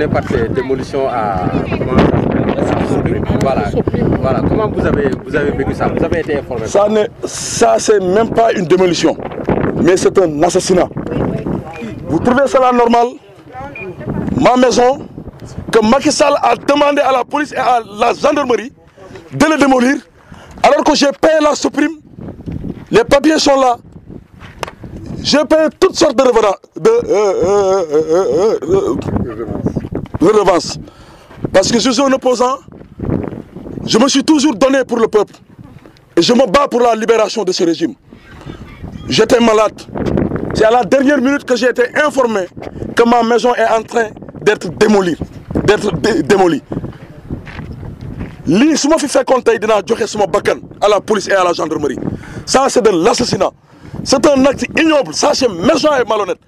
n'est par ces à voilà. voilà. Comment vous avez, vous avez vécu ça Vous avez été informé Ça, ça c'est même pas une démolition, mais c'est un assassinat. Vous trouvez cela normal Ma maison, que Macky Sall a demandé à la police et à la gendarmerie de le démolir, alors que j'ai payé la supprime, les papiers sont là, j'ai payé toutes sortes de, de, redevance. Parce que je suis un opposant, je me suis toujours donné pour le peuple. Et je me bats pour la libération de ce régime. J'étais malade. C'est à la dernière minute que j'ai été informé que ma maison est en train d'être démolie. D'être démolie. Li, fait ma fi à la police et à la gendarmerie ça c'est de l'assassinat c'est un acte ignoble ça c'est méchant et malhonnête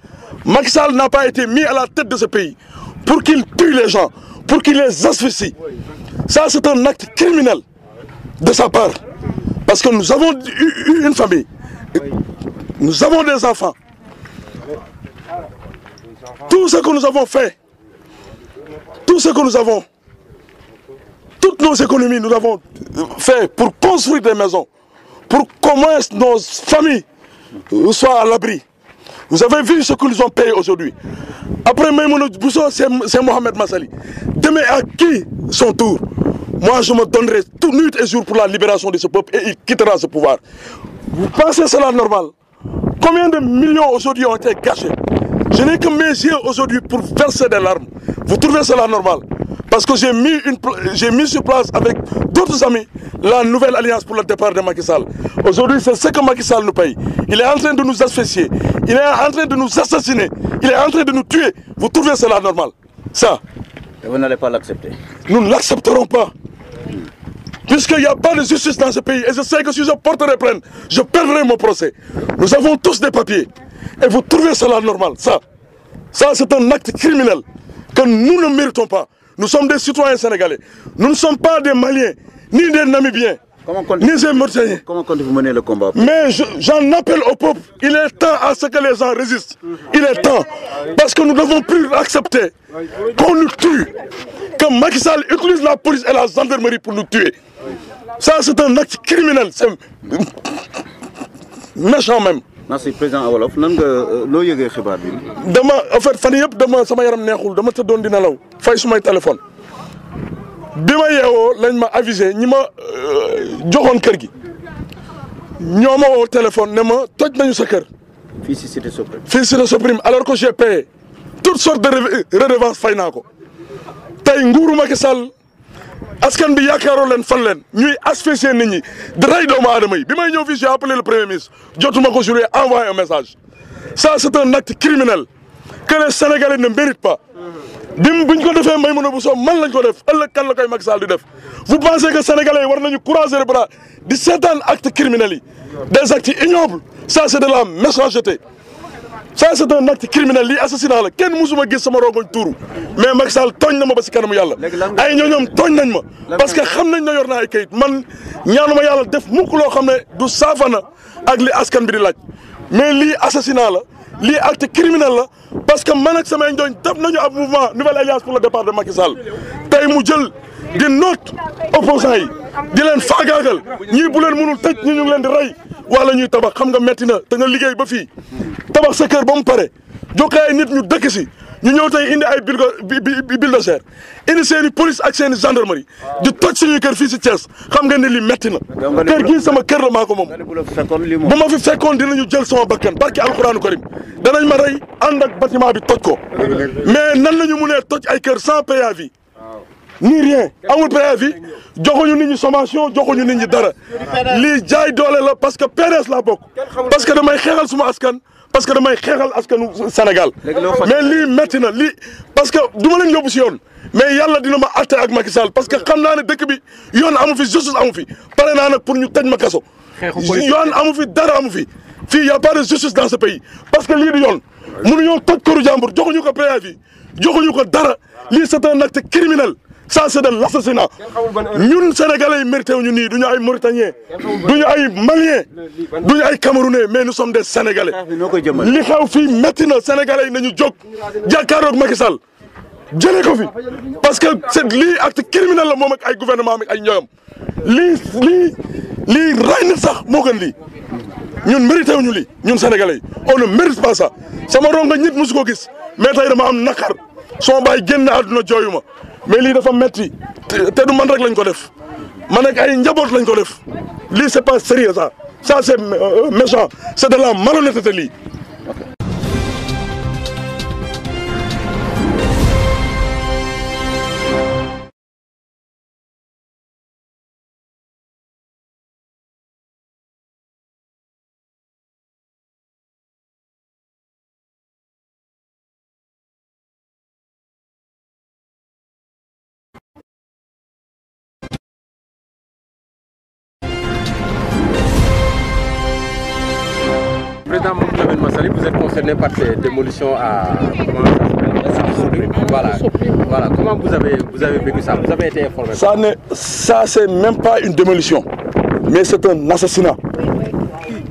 Macky n'a pas été mis à la tête de ce pays pour qu'il tue les gens, pour qu'il les asphyxie. Ça, c'est un acte criminel de sa part. Parce que nous avons eu une famille. Nous avons des enfants. Tout ce que nous avons fait, tout ce que nous avons, toutes nos économies, nous avons fait pour construire des maisons, pour que nos familles soient à l'abri. Vous avez vu ce qu'ils ont payé aujourd'hui. Après Bousso, c'est Mohamed Massali. Demain, à qui son tour Moi, je me donnerai toute nuit et jour pour la libération de ce peuple et il quittera ce pouvoir. Vous pensez cela normal Combien de millions aujourd'hui ont été cachés Je n'ai que mes yeux aujourd'hui pour verser des larmes. Vous trouvez cela normal parce que j'ai mis, mis sur place avec d'autres amis la nouvelle alliance pour le départ de Macky Sall. Aujourd'hui, c'est ce que Macky Sall nous paye. Il est en train de nous associer. Il est en train de nous assassiner. Il est en train de nous tuer. Vous trouvez cela normal Ça Et vous n'allez pas l'accepter Nous ne l'accepterons pas. Puisqu'il n'y a pas de justice dans ce pays, et je sais que si je porte plainte, je perdrai mon procès. Nous avons tous des papiers. Et vous trouvez cela normal Ça, ça c'est un acte criminel que nous ne méritons pas. Nous sommes des citoyens sénégalais. Nous ne sommes pas des Maliens, ni des Namibiens, ni des Mauritaniens. Comment comptez-vous mener le combat Mais j'en appelle au peuple. Il est temps à ce que les gens résistent. Il est temps. Parce que nous ne devons plus accepter qu'on nous tue. Que Macky Sall utilise la police et la gendarmerie pour nous tuer. Ça, c'est un acte criminel. C'est méchant même. merci président Awolof euh, bi. en fan fay sumay téléphone bi ma yeewoo lañ ma aviser ñi ma euh, joxoon kër gi ñoo ma woo téléphone ne ma toj nañu sa kër. fii si Cité Soprim fii Cité Soprim alors que j'ai payé toutes sortes de redevance fay naa ko tey nguuru Macky Sall askan bi yaakaaroo leen fan leen ñuy asphyxier ni ñi di rey doomu aadama yi bi may ñëw fii j'ai appelé le premier ministre jotuma ko juré envoyé un message ça c'est un acte criminel que les Sénégalais ne méritent pas. bim buñ ko defee may mën a bu soo man lañ ko def ëllëg kan la koy Macky Sall di def vous pensez que sénégalais war nañu croiser les bras di seetaan acte criminels yi des actes ignobles ça c' est de la méchanceté ça c' est un acte criminel lii assassinat la kenn musuma gis sama rongoñ tuuru mais Macky Sall tooñ na ma ba si kanamu yàlla ay ñooñoom tooñ nañ ma parce que xam nañ ne yor naa ay kayit man ñaanuma yàlla def mukk loo xam ne du saafana ak li askan bi di laaj mais lii assassinat la lii acte criminel la parce que man ak samay njooñ def nañu ab mouvement nouvelle alliance pour le départ de Macky Sall tey mu jël di noot opposants yi di leen faagaagal ñii bu leen mënul tëj ñu ngi leen di rey wala ñuy tabax xam nga metti na te nga liggéey ba fii tabax sa kër ba mu pare jokkoo ay nit ñu dëkk si. ñu ñëw tey indi ay bulldozer indi seen i police ak seen i gendarmerie di toj suñuy kër fii si Thiès xam nga ne li metti na kër gii sama kër la maa ko moom bu ma fi fekkoon dinañu jël sama bakkan barki alxuraanu karim danañ ma rey ànd ak bâtiment bi toj ko mais nan la ñu mënee toj ay kër sant sans préavis ni rien amul préavis joxuñu nit ñi sommation joxuñu nit ñi dara li jaay doole la parce que PDS laa bokk parce que damay xeexal suma askan parce que damay xeexal askanu Sénégal. mais lii métti na lii parce que du ma leen yóbbu si yoon. mais yàlla dina ma atte ak Macky Sall parce que xam naa ne dëkk bi yoon amu fi justice amu fi pare naa nag pour ñu tëj ma kaso. yoon amu fi dara amu fi. fii y a pas de justice parce que lii du yoon. mënuñoo toj këru jàmbur joxuñu ko préavis joxuñu ko dara lii c'est un acte criminel. ça c'est de l'assassinat ñun sénégalais yi ñu nii duñu ay mauritanien du ñu ay malien du ay camerounais mais nous sommes des sénégalais li xew fii métti na sénégalais yi nañu jóg jàkkaaroog Macky Sall jëlee ko fi parce que c'est lii acte criminel la moom ak ay gouvernement ak ay ñoom li li lii sax moo gën lii ñun mérité wuñu lii ñun sénégalais yi on ne sama ronga ñit mosu ko gis mais tey dama am naqar soo bàyyi génn àdduna jooyu mais lii dafa metti te du man rek lañ ko def man ak ay njaboot lañ ko def lii c'est pas sérieux sa ça c'est euh, méchant c'est de la te lii vous êtes concerné par ces démolitions à voilà, voilà. Comment vous avez, vous avez vécu ça Vous avez été informé Ça, c'est même pas une démolition, mais c'est un assassinat.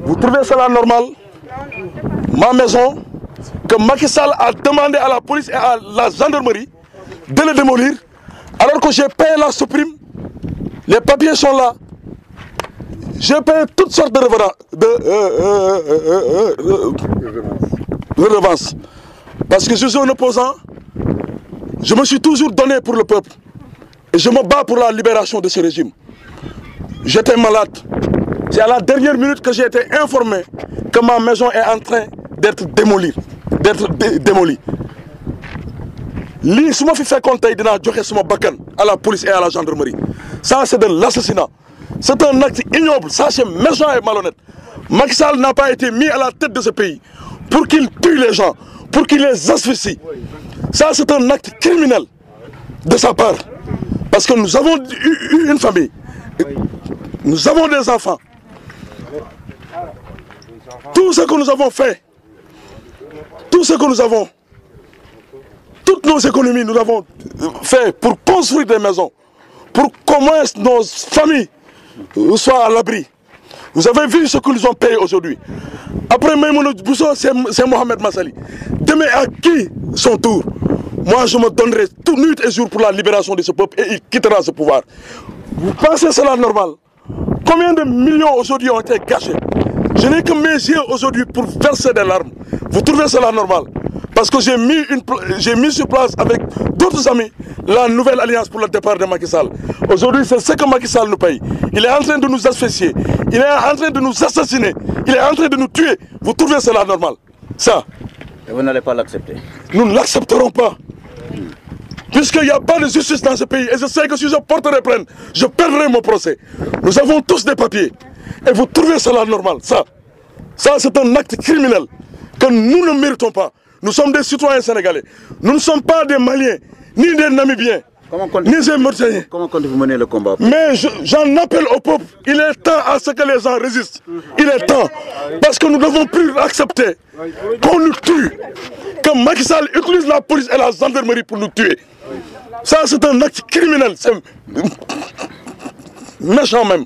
Vous trouvez cela normal Ma maison, que Macky Sall a demandé à la police et à la gendarmerie de le démolir, alors que j'ai payé la supprime, les papiers sont là, j'ai payé toutes sortes de revenants, euh, euh, euh, Parce que je suis un opposant. Je me suis toujours donné pour le peuple. Et je me bats pour la libération de ce régime. J'étais malade. C'est à la dernière minute que j'ai été informé que ma maison est en train d'être démolie. D'être dé démolie. Li, si je fais compte, je vais à la police et à la gendarmerie. Ça, c'est de l'assassinat. C'est un acte ignoble, sachez, méchant et malhonnête. Macky n'a pas été mis à la tête de ce pays pour qu'il tue les gens, pour qu'il les asphyxie. Ça, c'est un acte criminel de sa part. Parce que nous avons eu une famille. Nous avons des enfants. Tout ce que nous avons fait, tout ce que nous avons, toutes nos économies, nous avons fait pour construire des maisons, pour commencer nos familles soyez à l'abri. Vous avez vu ce que nous ont payé aujourd'hui. Après Maïmono Bousso, c'est Mohamed Massali. Demain, à qui son tour Moi, je me donnerai toute nuit et jour pour la libération de ce peuple et il quittera ce pouvoir. Vous pensez cela normal Combien de millions aujourd'hui ont été cachés Je n'ai que mes yeux aujourd'hui pour verser des larmes. Vous trouvez cela normal Parce que j'ai mis, une, mis sur place avec d'autres amis, la nouvelle alliance pour le départ de Macky Sall. Aujourd'hui, c'est ce que Macky Sall nous paye. Il est en train de nous asphyxier, il est en train de nous assassiner, il est en train de nous tuer. Vous trouvez cela normal Ça Et vous n'allez pas l'accepter Nous ne l'accepterons pas. Puisqu'il n'y a pas de justice dans ce pays, et je sais que si je porte plainte, je perdrai mon procès. Nous avons tous des papiers. Et vous trouvez cela normal Ça, ça c'est un acte criminel que nous ne méritons pas. Nous sommes des citoyens sénégalais. Nous ne sommes pas des Maliens, ni des Namibiens, ni des Mauritaniens. Comment comptez-vous mener le combat Mais j'en appelle au peuple. Il est temps à ce que les gens résistent. Il est temps. Parce que nous ne devons plus accepter qu'on nous tue. Que Macky Sall utilise la police et la gendarmerie pour nous tuer. Ça, c'est un acte criminel. méchant même.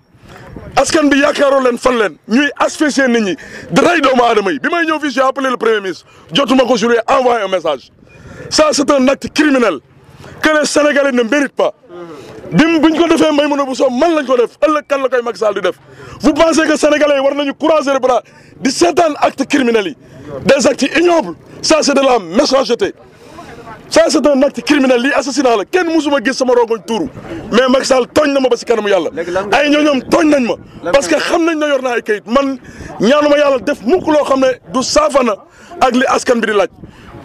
askan bi yaakaaroo len fan len ñuy asphyxier nit ñi di rey doomu aadama yi bi may ñëw fii j'ai appelé le premier ministre jotuma ko juré envoyé un message ça c'est un acte criminel que les Sénégalais ne méritent pas bim buñ ko defé may mëna bu soo man lañ ko def ëllëg kan la koy Macky Sall di def vous pensez que sénégalais war nañu croiser bras di sétane actes criminels yi des actes ignobles ça c'est de la méchanceté ça c'est un acte criminel lii assassinat la kenn musuma gis sama rongoñ tuuru mais Macky Sall tooñ na ma ba si kanamu yàlla ay ñooñoom tooñ nañ ma parce xam nañ na yor naa ay kayit man ñaanuma yàlla def mukk loo xam ne du saafana ak li askan bi laaj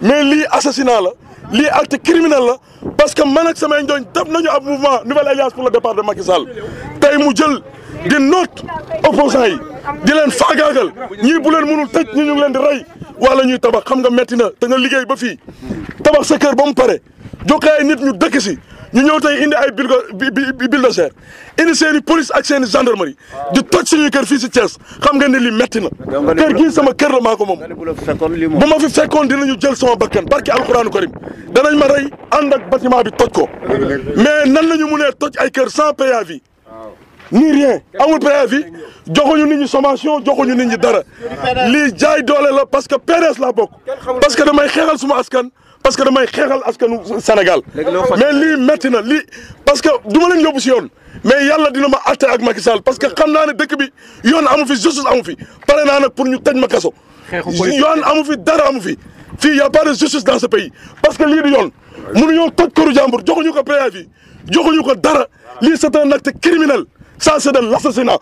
mais lii assassinat la lii acte criminel la parce que ma ak samay njooñ def nañu ab mouvement nouvelle alliance pour le départ de Macky Sall mu jël di noot opposants di leen faagaagal ñii bu leen mënul tëj ñu ngi leen di wax la ñuy tabax xam nga metti na te nga liggéey ba fi tabax sa kër ba mu pare jokkoo ay nit ñu dëkk si ñu ñëw tey indi ay bulldozer indi seen i police ak seen i gendarmerie di toj suñuy kër fii si Thiès xam nga ne li metti na kër gii sama kër la maa ko moom bu ma fi fekkoon dinañu jël sama bakkan barki alxuraanu karim danañ ma rey ànd ak bâtiment bi toj ko mais nan la ñu mënee toj ay kër sans préavis ni rien amul préavis joxuñu nit ñi sommation joxuñu nit ñi dara lii jaay doole la parce que PDS laa bokk parce que damay xeexal suma askan parce que damay xeexal askanu Sénégal mais lii metti na lii parce que du ma leen yóbbu si yoon mais yàlla dina ma atte ak Macky Sall parce que xam naa ne dëkk bi yoon amu fi justice amu fi pare naa nag pour ñu tëj ma kaso yoon amu fi dara amu fi fii y a pas de justice dans ce pays parce que lii du yoon mënuñoo toj këru jàmbur joxuñu ko préavis ko dara lii c'est un acte criminel ça c'est de l'assassinat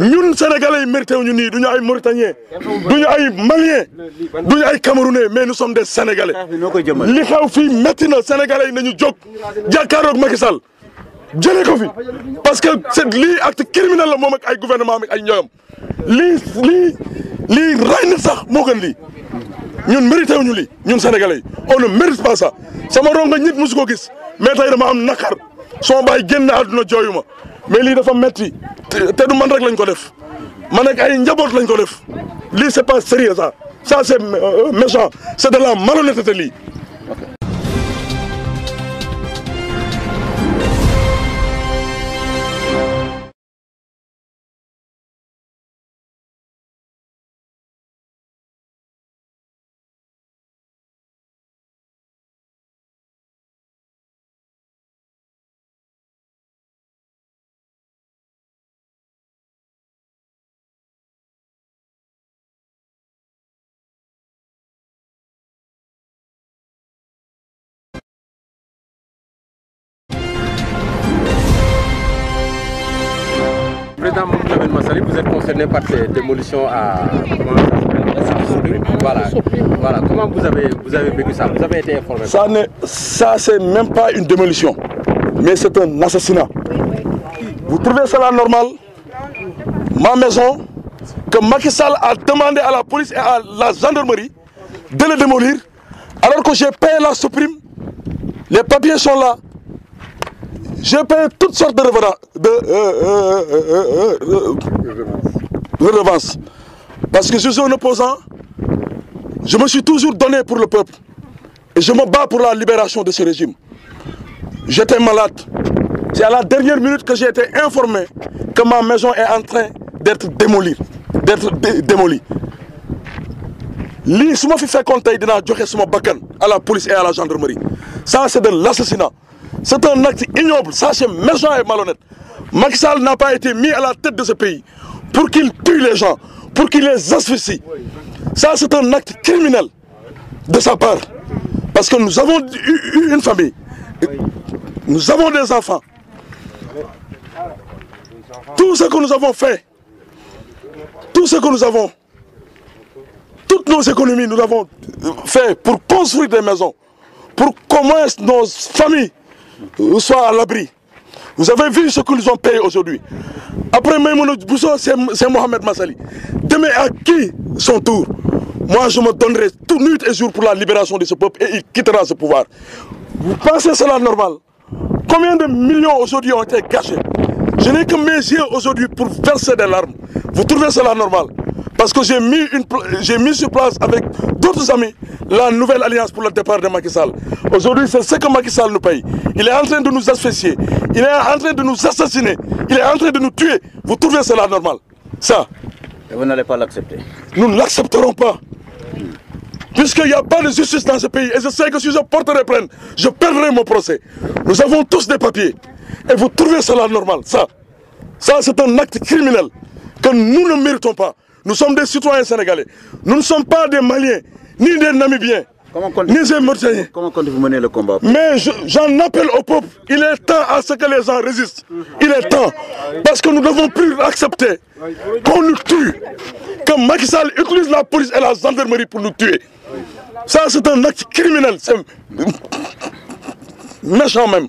ñun sénégalais yi mérité wuñu nii du ñu ay mauritanien du ñu ay malien du ñu ay camerounais mais nous sommes des sénégalais li xew fii métti na sénégalais yi nañu jóg jàkkaaroog Macky Sall jëlee ko fi parce que c'est lii acte criminel la moom ak ay gouvernement am ay ñooyam lii lii lii sax moo gën lii ñun mérité wuñu lii ñun sénégalais yi on ne sama ronga ñit mosu ko gis mais tey dama am naqar soo bàyyi génn àdduna ma mais lii dafa metti te du man rek lañ ko def man ak ay njaboot lañ ko def lii c'est pas sérieux ça ça c'est euh, méchant c'est de la te lii vous êtes concerné par ces démolitions à voilà. voilà. Comment vous avez, vous avez vécu ça Vous avez été informé Ça, c'est même pas une démolition, mais c'est un assassinat. Vous trouvez cela normal Ma maison, que Macky Sall a demandé à la police et à la gendarmerie de le démolir, alors que j'ai payé la supprime, les papiers sont là, j'ai payé toutes sortes de, redevances. Euh, euh, euh, Parce que je suis un opposant. Je me suis toujours donné pour le peuple. Et je me bats pour la libération de ce régime. J'étais malade. C'est à la dernière minute que j'ai été informé que ma maison est en train d'être démolie. D'être démolie. si je fais compte, je à la police et à la gendarmerie. Ça, c'est de l'assassinat. C'est un acte ignoble, sachez, méchant et malhonnête. Macky n'a pas été mis à la tête de ce pays pour qu'il tue les gens, pour qu'il les asphyxie. Ça, c'est un acte criminel de sa part. Parce que nous avons eu une famille. Nous avons des enfants. Tout ce que nous avons fait, tout ce que nous avons, toutes nos économies, nous avons fait pour construire des maisons, pour commencer nos familles soyez à l'abri. Vous avez vu ce que nous ont payé aujourd'hui. Après Maïmoun Bousso, c'est Mohamed Massali. Demain, à qui son tour Moi, je me donnerai toute nuit et jour pour la libération de ce peuple et il quittera ce pouvoir. Vous pensez cela normal Combien de millions aujourd'hui ont été gâchés Je n'ai que mes yeux aujourd'hui pour verser des larmes. Vous trouvez cela normal Parce que j'ai mis, une, mis sur place avec d'autres amis la nouvelle alliance pour le départ de Macky Sall. Aujourd'hui, c'est ce que Macky Sall nous paye. Il est en train de nous associer, il est en train de nous assassiner, il est en train de nous tuer. Vous trouvez cela normal Ça Et vous n'allez pas l'accepter Nous ne l'accepterons pas. Puisqu'il n'y a pas de justice dans ce pays, et je sais que si je porte plainte, je perdrai mon procès. Nous avons tous des papiers. Et vous trouvez cela normal Ça, ça c'est un acte criminel que nous ne méritons pas. Nous sommes des citoyens sénégalais. Nous ne sommes pas des Maliens, ni des Namibiens, ni des Mauritaniens. Comment comptez-vous mener le combat Mais j'en appelle au peuple. Il est temps à ce que les gens résistent. Il est temps. Parce que nous ne devons plus accepter qu'on nous tue. Que Macky Sall utilise la police et la gendarmerie pour nous tuer. Ça, c'est un acte criminel. C'est méchant même.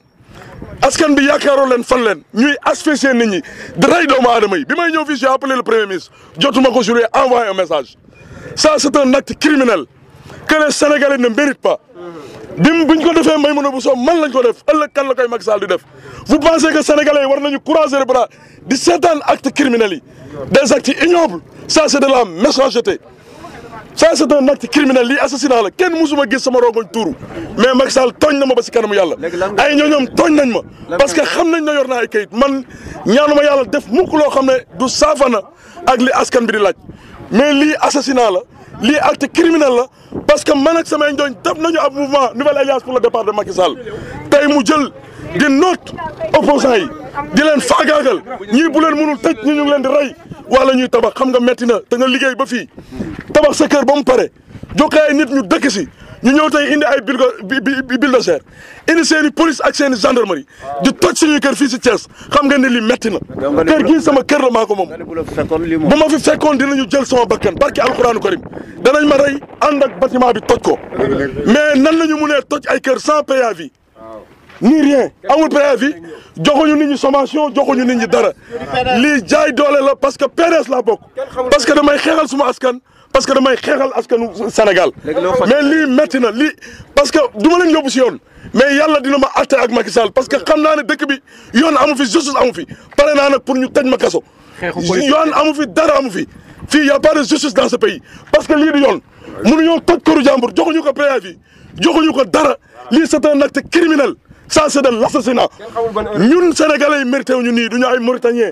askan bi yakaro len fan leen ñuy asphyxier nit ñi di rey doomu aadama yi bi may j'ai appelé le premier ministre jotuma ko je lui envoyé un message ça c'est un acte criminel que les Sénégalais ne méritent pas dim buñ ko defé may mën bu soo man lañ ko def kan la koy Macky sal du def vous pensez que sénégalais war nañu croiser les bras di acte criminel. des actes ignobles ça c'est de la méchanceté ça c'est un acte criminel lii assassinat la kenn musuma gis sama rongoñ tuuru mais Macky Sall tooñ na ma ba si kanamu yàlla ay ñooñoom tooñ nañ ma parce que xam nañ na yor ay kayit man ñaanu yàlla def mukk loo xam ne du saafana ak li askan bi di laaj mais lii assassinat la lii acte criminel la parce que man ak samay njooñ def nañu ab mouvement nouvelle alliance pour la départ de Macky Sall tey mu jël di noot opposants yi di leen faagaagal ñii bu leen mënul tëj ñu ngi leen di rey wala ñuy tabax xam nga metti na te nga liggéey ba fii tabax sa kër ba mu pare joxe ay nit ñu dëkk si ñu ñëw te indi ay bulldozer indi seen i police ak seen i gendarmerie di toj suñuy kër fii si Thiès xam nga ne li metti na kër gi sama kër la maa ko moom bu ma fi fekkoon dinañu jël sama bakkan barki alxuraanu karim danañ ma rey ànd ak bâtiment bi toj ko mais nan la ñu mënee toj ay kër sant sans préavis ni rien amul préavis joxuñu nit ñi sommation joxuñu nit ñi dara lii jaay doole la parce que PDS la bokk parce que damay xeexal suma askan parce que damay xeexal askanu Sénégal mais lii metti na lii parce que du ma leen si yoon mais yàlla dina ma atte ak Macky parce que xam naa ne dëkk bi yoon amu fi justice amu fi pare naa nag pour ñu tëj ma kaso yoon amu fi dara amu fi fii y a pas de justice dans ce pays parce que lii du yoon mënuñoo toj këru jàmbur joxuñu ko préavis joxuñu ko dara lii c'est un acte ça c'est de l'assassinat ñun sénégalais yi ñu nii du ñu ay mauritanien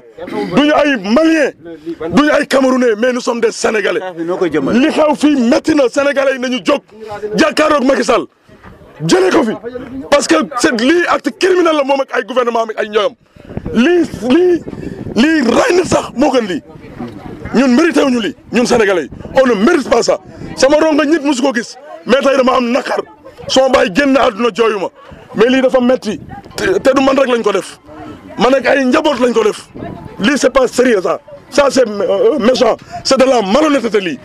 du ñu ay malien du ay camerounais mais nous sommes des sénégalais li xew fii métti na sénégalais yi nañu jóg jàkkaaroog Macky Sall jëlee ko fi parce que c'est lii ak criminel la moom ak ay gouvernement am ak ay ñooyam lii lii lii sax moo gën lii ñun mérité wuñu lii ñun sénégalais yi on ne sama ronga ñit mosu gis mais tey dama am naqar soo bàyyi génn àdduna jooyu mais lii dafa metti te du man rek ko def man ak ay njaboot lañ ko def lii c'est pas sérieux sa ça c'est euh, méchant c'est de la malhonnêteté lii